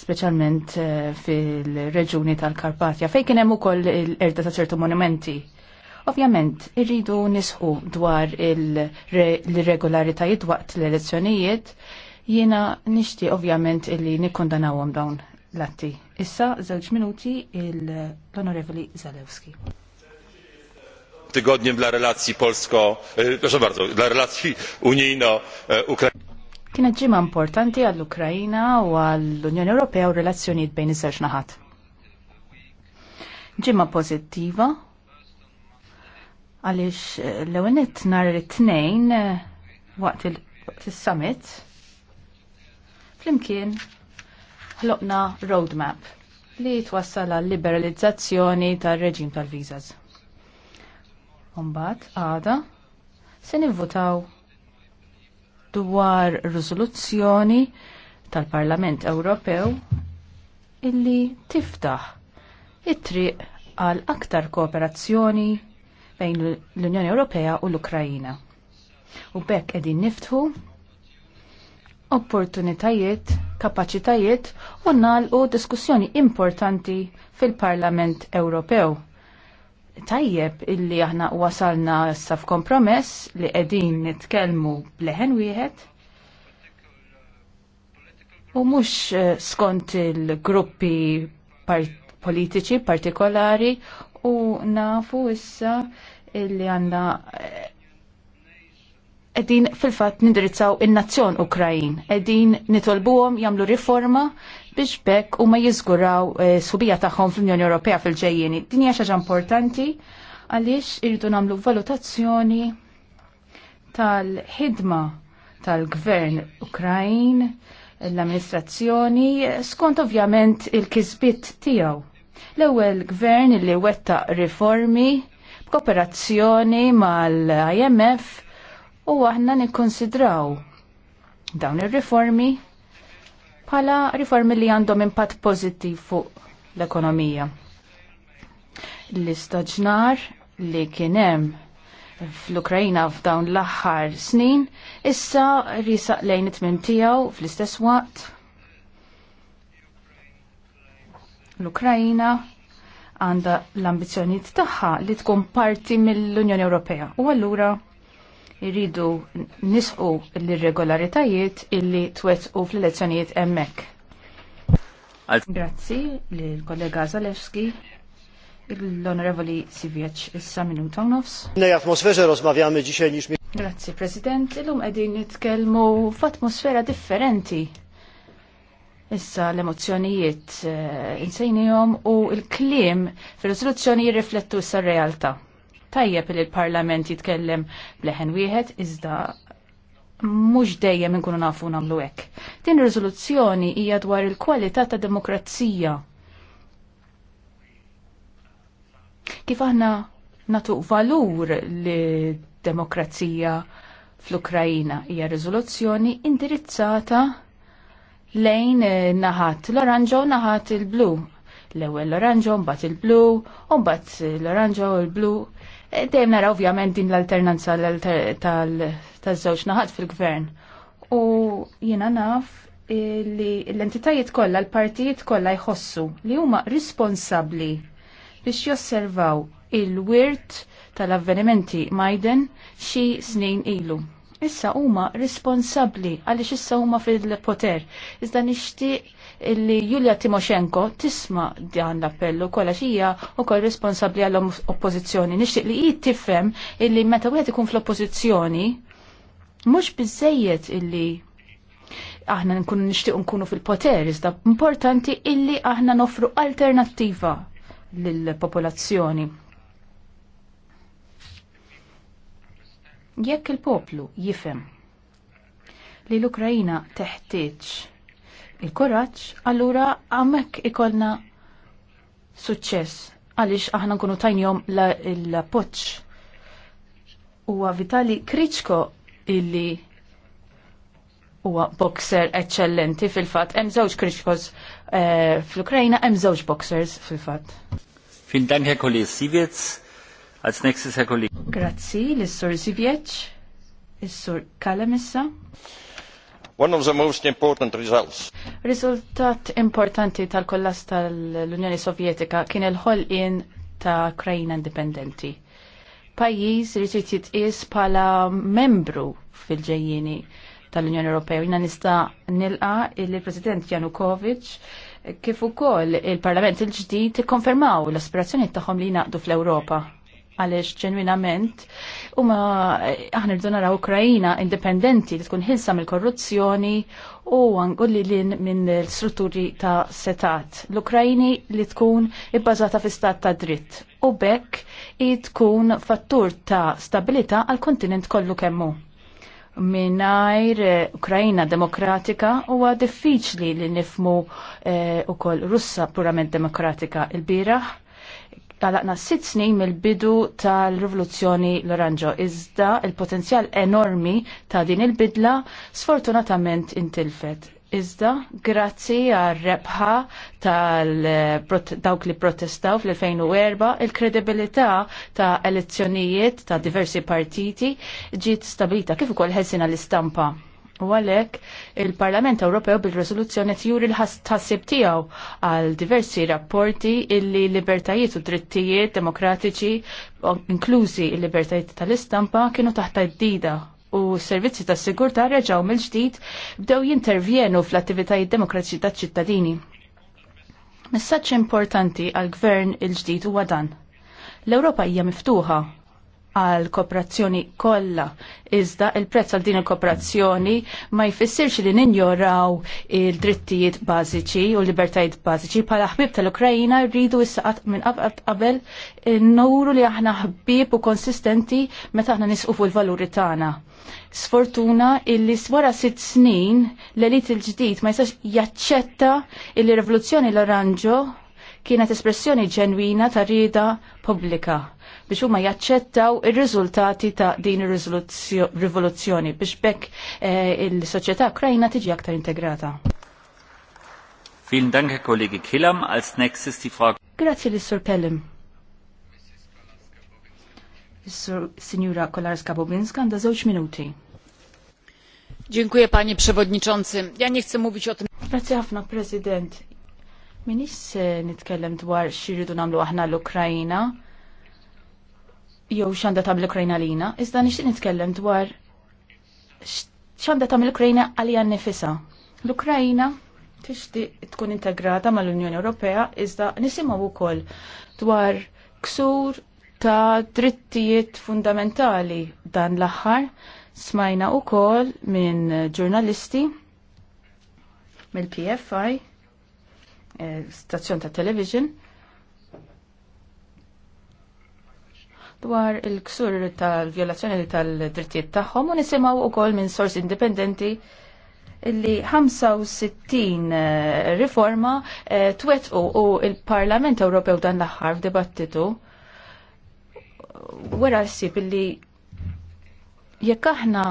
speċjalment eh, fil-reġuni tal-Karpatja, fejn kienem hemm ukoll l-erda ta' ċertu monumenti. Ovvjament, irridu nisħu dwar il-regolaritajiet waqt l-elezzjonijiet, jiena nishti ovvjament illi nikkondanawhom dawn l-atti. Issa, żewġ minuti l-Onorevoli Zalewski tygodniem dla relacji polsko e, proszę bardzo dla relacji unijno ukraińskich Kienet ġimma importanti għall ukraina u għall-Unjoni Ewropea u relazzjonijiet bejn iż-żewġ naħat. Ġimma pożittiva għaliex e, l-ewenet nhar it-tnejn e, waqt il-summit flimkien ħloqna roadmap li twassal għal liberalizzazzjoni tar-reġim tal-viżas. Umbat, għada, se nivvotaw dwar rizoluzzjoni tal-Parlament Ewropew illi tiftaħ it-triq għal aktar kooperazzjoni bejn l-Unjoni Ewropea u l-Ukrajina. U bekk edin niftħu opportunitajiet, kapacitajiet u nalqu diskussjoni importanti fil-Parlament Ewropew tajjeb illi aħna wasalna saf f'kompromess li qegħdin nitkellmu bleħen wieħed u mhux eh, skont il-gruppi politiċi partikolari u nafu issa illi għandna eh, qegħdin fil-fat nindirizzaw il-nazzjon Ukrajin, qegħdin nitolbuhom jamlu riforma biex bekk huma jiżguraw eh, subija tagħhom fl-Unjoni Ewropea fil ġejjeni Din hija xi ħaġa importanti għaliex irridu nagħmlu valutazzjoni tal-ħidma tal-gvern Ukrajn, l-amministrazzjoni, skont ovvjament il-kisbit tiegħu. L-ewwel gvern li wetta riformi b'kooperazzjoni mal-IMF u aħna nikkonsidraw dawn ir-riformi bħala riformi li għandhom impatt pożittiv fuq l-ekonomija. L-istaġnar li kienem fl-Ukrajina f'dawn l-aħħar snin, issa risaq lejn it-tmim tiegħu fl-istess waqt. L-Ukrajina għandha l-ambizzjonijiet tagħha li tkun parti mill-Unjoni Ewropea. U allura irridu nisqu l-irregolaritajiet illi twettqu fl-elezzjonijiet emmek. Grazzi l-kollega Zalewski. L-Onorevoli Sivjeċ issa minuta tonnofs. Nej atmosfera rozmawiamy dzisiaj niż... Grazzi President. Illum edin nitkelmu f'atmosfera differenti. Issa l-emozjonijiet eh, insejnijom u l-klim fil-rizoluzzjoni jirriflettu issa r-realta tajjeb li l-Parlament jitkellem bleħen wieħed iżda mhux dejjem inkunu nafu nagħmlu hekk. Din riżoluzzjoni hija dwar il-kwalità ta' demokrazija. Kif aħna natu valur li demokrazija fl-Ukrajina hija riżoluzzjoni indirizzata lejn eh, naħat l-oranġo naħat il-blu. L-ewwel l-oranġo, mbagħad il-blu, u mbagħad l-oranġo u l-blu Eh, dejjem nara ovvjament din l-alternanza tal-żewġ naħat fil-gvern. U jiena naf li l-entitajiet kollha, l-partijiet kollha jħossu li huma responsabbli biex josservaw il-wirt tal-avvenimenti Majden xi snin ilu. Issa huma responsabbli għaliex issa huma fil-poter. Iżda nixtieq illi Julia Timoshenko tisma dan l-appellu kolla xija u kol responsabli għall oppożizzjoni Nixtieq li jid tifhem illi meta wieħed ikun fl-oppożizzjoni mhux bizzejiet illi aħna nkunu nixtieq nkunu fil-poter iżda importanti illi aħna nofru alternattiva lill-popolazzjoni. Jekk il-poplu jifhem li l-Ukrajina teħtieġ il-kuraġġ, allura għamek ikolna suċċess għaliex aħna nkunu tajnjom il poċ Huwa Vitali Kriċko illi huwa boxer eccellenti fil-fatt. Hemm żewġ Kriċkos eh, fl-Ukrajna, hemm żewġ boxers fil-fatt. Fin dan Herr Kollege Siewitz. Als neksis Herr Grazzi, l-Sur Sivjec, l-Sur Kalemissa. One of the most important results. Riżultat importanti tal-kollas tal-Unjoni Sovjetika kien il-ħolqien ta' Ukraina Indipendenti. Pajjiż li trid jitqies bħala membru fil-ġejjieni tal-Unjoni Ewropea. Jina nista' nilqa il-President Janukovic kif ukoll il-Parlament il-ġdid ikkonfermaw l-aspirazzjoni tagħhom li jnaqdu fl-Ewropa għaliex ġenwinament huma eh, aħna rridu naraw Ukrajina indipendenti li tkun ħilsa mill-korruzzjoni u għangulli lin minn l-strutturi ta' setat. l ukrajini li tkun ibbażata fi stat ta' dritt u bekk i tkun fattur ta' stabilita għal kontinent kollu kemmu. Minajr eh, Ukrajina demokratika huwa diffiċli li nifmu eh, u koll Russa purament demokratika il-biraħ talaqna sitt snin mill-bidu tal-rivoluzzjoni l-oranġo. Iżda il-potenzjal enormi ta' din il-bidla sfortunatament intilfet. Iżda, grazzi għal rebħa tal-dawk li protestaw fl-2004, il-kredibilità ta' elezzjonijiet ta' diversi partiti ġiet stabilita kif ukoll ħelsina l-istampa U għalek, il-Parlament Ewropew bil-rezoluzzjoni juri l-ħassib tiegħu għal diversi rapporti illi libertajiet u drittijiet demokratiċi, inklużi l-libertajiet tal-istampa, kienu taħt id-dida u s-servizzi tas sigurtà reġgħu mill-ġdid bdew jintervjenu fl-attivitajiet demokratiċi taċ-ċittadini. Messaċ importanti għal-gvern il-ġdid huwa dan. L-Ewropa hija miftuħa għal kooperazzjoni kollha. Iżda il-prezz għal din il-kooperazzjoni ma jfissirx li ninjoraw il-drittijiet bażiċi u l libertajiet bażiċi bħala ħbib tal-Ukrajina rridu issaqat minn qabel nuru li aħna ħbib u konsistenti meta aħna nisqu fuq il-valuri tagħna. Sfortuna illi wara sitt snin l-elit il-ġdid ma jistax jaċċetta il-rivoluzzjoni l-oranġo kienet espressjoni ġenwina ta' rida pubblika biex huma jaċċettaw ir-riżultati ta' din ir-rivoluzzjoni biex bekk eh, il-soċjetà Ukrajna tiġi aktar integrata. Vielen Dank, Herr Kollege Killam. Als nächstes die Frage. Grazie, Lissur Pellim. Signora Kolarska-Bobinska, għanda zewċ minuti. Dziękuję panie przewodniczący. Ja nie chcę mówić o tym. Grazie ħafna prezydent. Minis nitkellem dwar xiridu namlu aħna l-Ukrajina jew x'għandha l Ukrajna lina, iżda nixtieq nitkellem dwar x'għandha tagħmel Ukrajna għalija nifisha. L-Ukrajna tixti tkun integrata mal-Unjoni Ewropea iżda nisimgħu wkoll dwar ksur ta' drittijiet fundamentali dan l-aħħar smajna wkoll minn ġurnalisti mill-PFI, eh, stazzjon ta' television, dwar il-ksur tal-vjolazzjoni tal-drittijiet tagħhom u nisimgħu wkoll minn sors indipendenti illi 65 eh, riforma eh, twetqu u il-Parlament Ewropew dan l-aħħar f'dibattitu wera ssib illi jekk aħna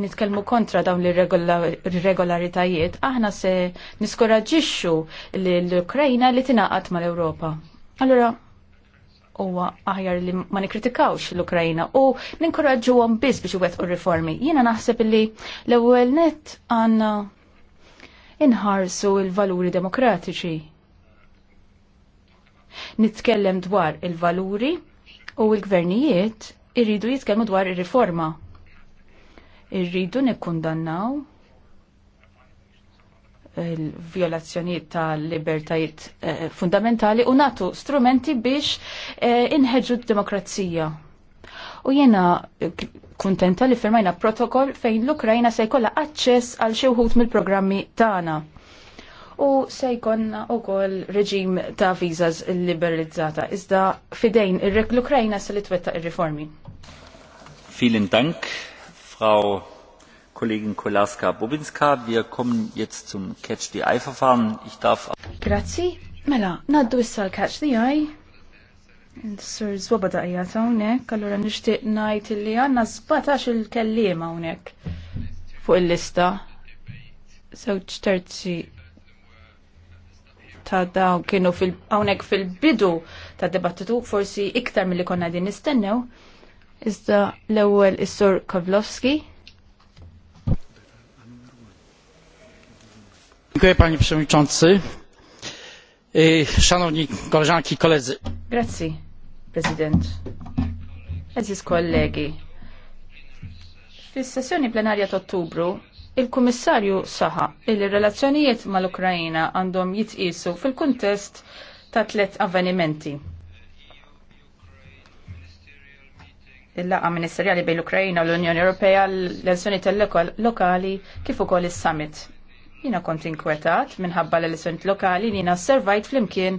nitkellmu kontra dawn l-irregolaritajiet, aħna se niskoraġixxu l-Ukrajna li tingħaqad mal-Ewropa. Allura, huwa aħjar li ma nikkritikawx l-Ukrajna u ninkoraġġuhom biss biex iwettqu riformi. Jiena naħseb li l-ewwel nett għandna inħarsu l-valuri demokratiċi. Nitkellem dwar il-valuri u l-gvernijiet irridu jitkellmu dwar ir-riforma. Irridu nikkundannaw il-violazzjoniet ta' libertajiet eh, fundamentali u natu strumenti biex eh, inħeġu d-demokrazija. U jena kontenta li firmajna protokoll fejn l-Ukrajna se jkollha aċċess għal xi wħud mill-programmi tagħna. U se jkollna wkoll reġim ta' viżas liberalizzata iżda fidejn l-Ukrajna se li twettaq ir-riformi. Vielen Dank, Frau Kollegin Kolaska Bobinska. Wir kommen jetzt zum Catch the Eye Verfahren. Ich darf Grazzi. Mela, naddu issa l-Catch the Eye. Sir Zwoba daqija ta' unek, allora nishtiq najt li għanna zbatax il-kellima unnek fuq il-lista. Sewċ terzi ta' daw kienu hawnhekk fil-bidu ta' debattitu forsi iktar mill-li konna din nistennew. Iżda l ewel is-Sur Kavlovski. Dziękuję panie przewodniczący. E, szanowni koleżanki i koledzy. Grazie, prezydent. kollegi. Fis-sessjoni plenarja ta' Ottubru, il-Kummissarju saħa il relazzjonijiet mal-Ukrajina għandhom jitqisu fil-kuntest ta' tliet avvenimenti. il-laqa ministerjali bejn l-Ukrajina u l-Unjoni Ewropea l-elezzjoni tal-lokali kif ukoll is-summit Jina kont inkwetat minħabba l-elezzjoni lokali li jina osservajt flimkien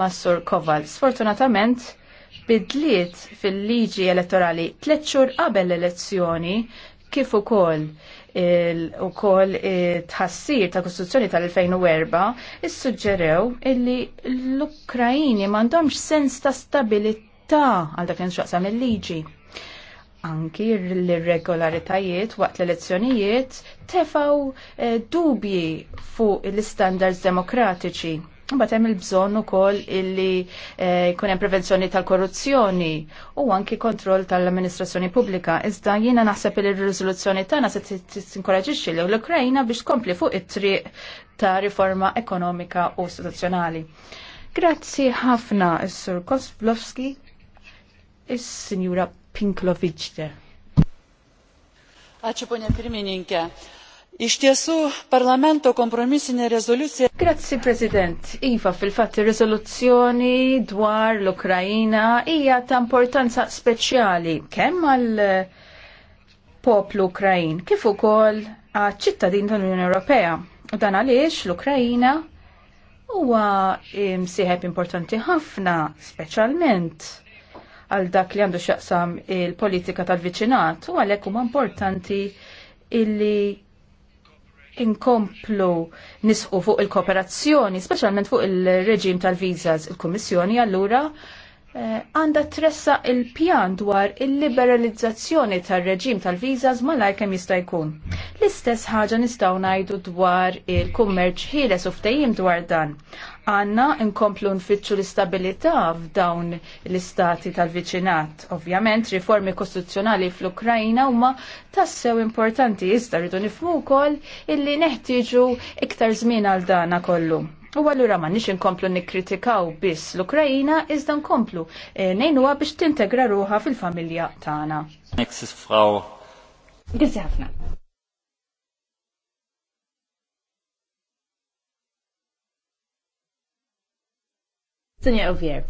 ma' Sur Koval. Sfortunatament, bidliet fil-liġi elettorali tliet qabel l-elezzjoni kif ukoll ukoll tħassir ta' Kostituzzjoni tal-2004 issuġġerew illi l-Ukrajini m'għandhomx sens ta' stabilità għal dak li nxaqsam il-liġi anki l-irregolaritajiet waqt l-elezzjonijiet tefaw eh, dubji fuq l-standards demokratiċi. Mbagħad hemm il-bżonn ukoll illi eh, jkun hemm prevenzjoni tal-korruzzjoni u anki kontroll tal-amministrazzjoni pubblika. Iżda jiena naħseb li r-riżoluzzjoni tagħna se tinkoraġixxi l-Ukrajna biex tkompli fuq it-triq ta' riforma ekonomika u istituzzjonali. Grazzi ħafna is-Sur Kosblowski, is-Sinjura Pinklovičte. Ačiū, ponia pirmininkė. Iš tiesų, parlamento kompromisinė rezoliucija. Grazzi, President. Iva, fil-fat, rezoluzzjoni dwar l-Ukrajina hija ta' importanza speċjali kemm għal eh, poplu Ukrajin, kif ukoll għal ċittadin tal-Unjoni Ewropea. U dan għaliex l-Ukrajina huwa msieħeb importanti ħafna, speċjalment għal dak li għandu xaqsam il-politika tal-viċinat u għalek huma importanti illi inkomplu nisqu fuq il-kooperazzjoni, specialment fuq il-reġim tal-vizas. Il-Kommissjoni allura Eh, għanda tressa il-pjan dwar il-liberalizzazzjoni tal-reġim tal-vizas malaj kem jista' jkun. L-istess ħaġa nistgħu ngħidu dwar il-kummerċ ħieles u ftehim dwar dan. Għanna nkomplu nfittxu l-istabilità f'dawn l-istati tal-viċinat. Ovvjament, riformi kostituzzjonali fl-Ukrajna huma tassew importanti iżda rridu nifmu wkoll illi neħtieġu iktar żmien għal dana kollu U għallura ma nix inkomplu nikkritikaw biss l-Ukrajina, iżda nkomplu eh, nejnuha biex tintegra ruħa fil-familja tagħna. Nexis fraw. Grazzi ħafna. Sinja Ovier.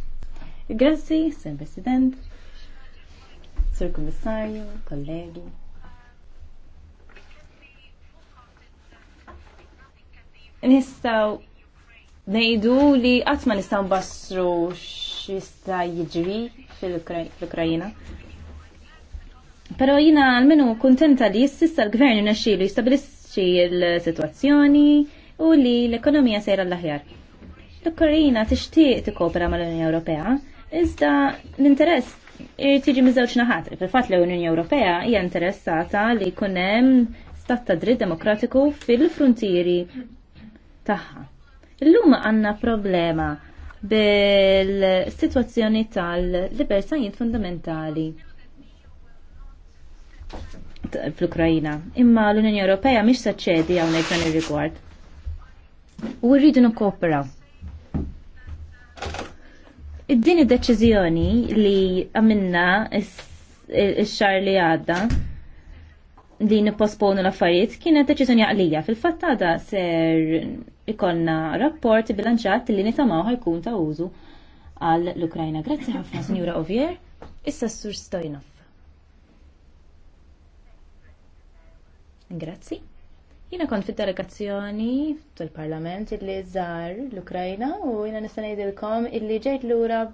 Grazzi, Sen President, Sir Commissario, kollegi. Nistaw Nejdu li għatma nistaw nbassru xista jiġri fil-Ukrajina. Pero jina għalmenu kontenta li jississa l-gvern li jistabilisċi l-situazzjoni u li l-ekonomija sejra l-aħjar. L-Ukrajina tixtieq tikkopera mal-Unjoni Ewropea, iżda l-interess tiġi miżewġ naħat. Fil-fatt l-Unjoni Ewropea hija interessata li jkun hemm stat ta' dritt demokratiku fil-frontieri tagħha. Illum għanna problema bil-situazzjoni tal-libertajiet fundamentali fl-Ukrajina. Imma l-Unjoni Ewropea mhix saċċedi hawnhekk dan ir-rigward. U rridu nikkoperaw. Id-din id-deċiżjoni li għamilna ix-xar li għadda li nipposponu l-affarijiet kienet deċiżjoni għalija. Fil-fatt għadha ser ikonna rapport bilanċat li nitamaw ħajkun ta' użu għal l-Ukrajna. Grazzi ħafna, signora Ovier. Issa s-sur Stojnov. Grazzi. Jina kont fit delegazzjoni tal-parlament illi zar l-Ukrajna u jina nista' ngħidilkom illi ġejt lura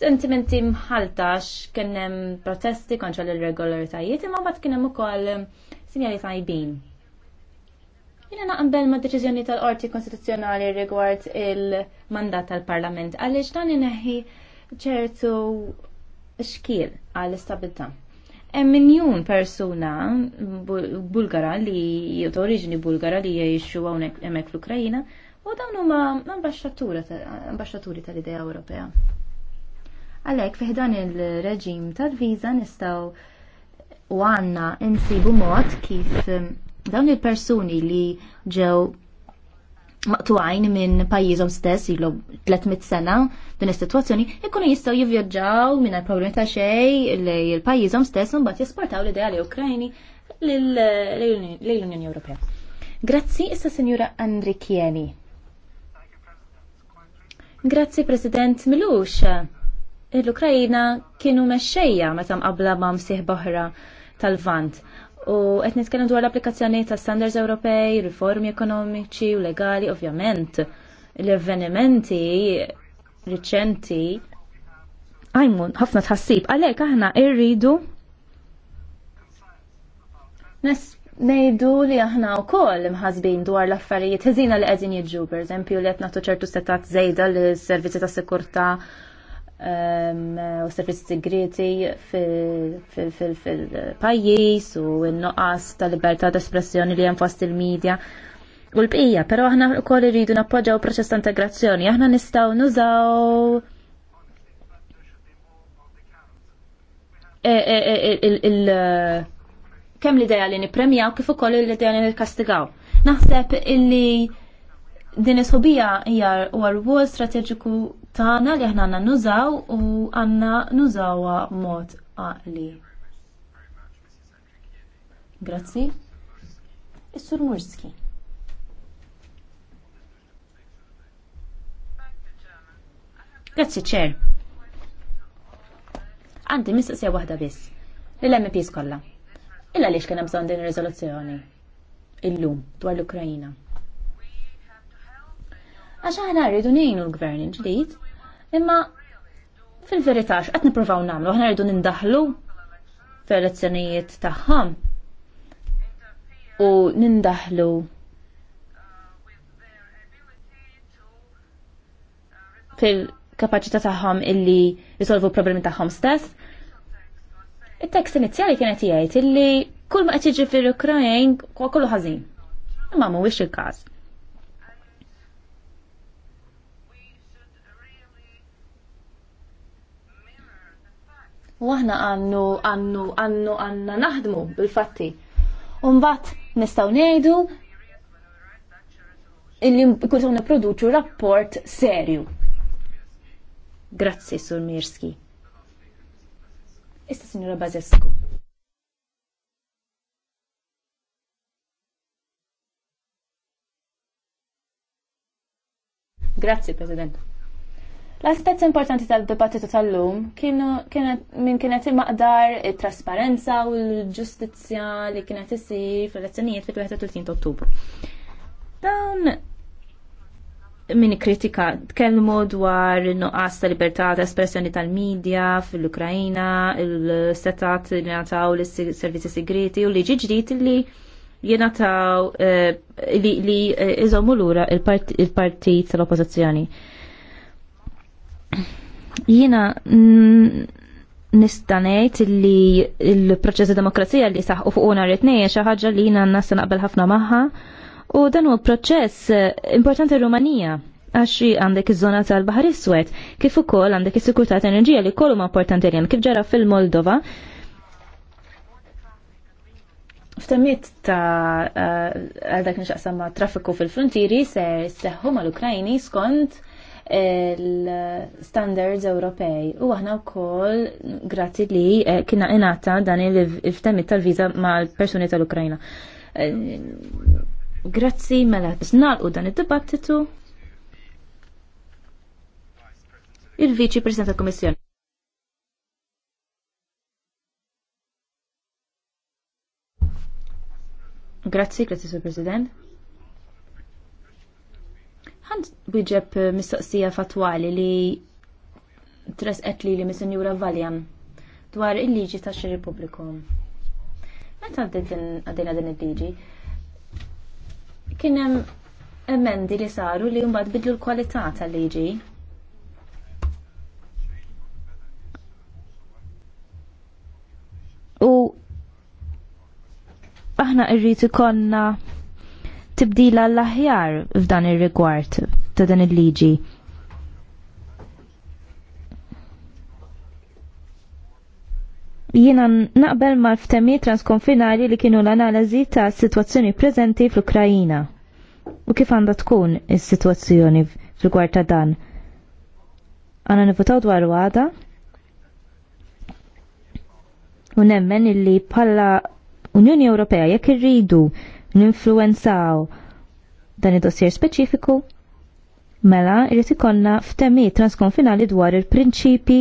sentimenti mħaltax kien hemm protesti kontra l-irregolaritajiet imma bat kien hemm ukoll sinjali tajbin Jina naqbel ma' deċiżjoni tal-Qorti konstituzjonali rigward il-mandat tal-Parlament għaliex dan neħi ċertu xkiel għall istabilta Hemm jun persuna Bulgara li ta' oriġini Bulgara li jgħixu hawnhekk emek fl-Ukrajina u dawn huma ambaxxaturi tal-idea Ewropea. Għalhekk fih dan il-reġim tal-viża nistgħu u għanna insibu mod kif Dawn il-persuni li ġew maqtuajn minn pajjiżhom stess ilu 300 sena din is-sitwazzjoni ikunu jistgħu jivvjaġġaw minn problemi ta' xejn il pajjiżhom stess u mbagħad jesportaw l-ideali Ukrajni lill-Unjoni Ewropea. Grazzi issa Sinjura Andrikieni. Grazzi President Milux. L-Ukrajina kienu mexxejja meta mqabbla ma' msieħ boħra tal-Vant U qed nitkellem dwar l-applikazzjoni ta' standards Ewropej, riformi ekonomiċi u legali, ovvjament. L-avvenimenti riċenti għajmun ħafna tħassib, għalhekk aħna irridu nes nejdu li aħna u koll imħazbin dwar l-affarijiet ħezina li qegħdin jidġu, per eżempju, li għetna ċertu setat zejda l-servizzi ta' sekurta u servizzi segreti fil-pajjiż u n-noqas ta' libertà ta' espressjoni li hemm fost il-medja. U l-bqija, pero aħna wkoll rridu nappoġġaw proċess ta' integrazzjoni, aħna nistgħu nużaw e, e, e, il- kemm l-idea li nipremjaw kif ukoll l-idea li nikkastigaw. Naħseb illi din is-ħobija hija huwa rwol strateġiku tagħna li aħna għandna nużaw u għandna nużawha mod għaqli. Grazzi. Is-Sur Murski. Grazzi ċer. Għandi mistaqsija waħda biss. Lill-MPs kollha. Illa għaliex kien hemm bżonn din ir-riżoluzzjoni illum dwar l-Ukrajina. Għax aħna rridu ngħinu l-gvern il-ġdid, imma fil veritax għat nippruvaw nagħmlu, aħna rridu nindaħlu fil elezzjonijiet tagħhom u nindaħlu fil-kapaċità tagħhom illi jisolvu problemi tagħhom stess. Il-tekst inizjali kienet jgħid illi kull ma qed jiġi fil-Ukrajn kollu ħażin. Imma mhuwiex il-każ. U aħna għannu għannu għannu għanna naħdmu bil-fatti. Umbat nistaw nejdu illi kultu produċu rapport serju. Grazzi, Sur Mirski. Issa, Signora Bazescu. Grazzi, President. L-aspett importanti tal-dibattitu tal-lum minn kienet maqdar it-trasparenza u l-ġustizzja li kienet issir fl-elezzjonijiet fil 31 Ottubru. Dan minn kritika tkellmu dwar nuqqas ta' libertà ta' espressjoni tal-medja fil-Ukrajina, il-setat li nataw l-servizzi segreti u li ġdid li jenataw eh, li eh, iżommu l-ura il-partit tal-oppozizjoni. Jina nistanejt li il-proċess ta' demokrazija li saħ fuq fuqona rritnej xi ħaġa li jina nasa naqbel ħafna magħha u dan huwa proċess importanti rumanija għaxri għandek iż-żona tal-Bahar Iswed, kif ukoll għandek is-sikurtà ta' enerġija li kollu ma' importanti li kif ġara fil-Moldova. Ftemmiet ta' eh, għal dak nixaqsam ma' traffiku fil-frontieri ser seħħu mal-Ukrajni skont l-standards Ewropej. U aħna wkoll grazzi li eh, kiena inata dan il ftemmi tal-viża mal-persuni tal-Ukrajna. Eh, grazzi mela nalqu dan id-dibattitu. Il-Viċi President tal-Kummissjoni. Grazzi, grazie, Sur President. Għand wieġeb eh, mistoqsija fatwali li tres etli li mis-Sinjura Valjan dwar il-liġi ta' xir Republikum. Meta għaddejna din il-liġi, kien hemm emendi li saru li mbagħad bidlu l-kwalità tal-liġi. U aħna irrid konna tibdila l-aħjar f'dan ir-rigward ta' dan il-liġi. Jiena naqbel mal-ftemi transkonfinari li kienu l-analiżi ta' situazzjoni preżenti fl-Ukrajina. U kif għandha tkun is-sitwazzjoni rigward ta' dan? Għana nifutaw dwar għada u nemmen illi bħala Unjoni Ewropea jekk irridu ninfluenzaw dan id-dossier speċifiku, mela irrid ikollna f'temi transkonfinali dwar il-prinċipi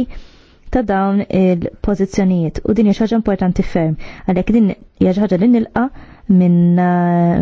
ta' dawn il-pożizzjonijiet u din hija ħaġa importanti ferm għalhekk din hija ħaġa li nilqa minn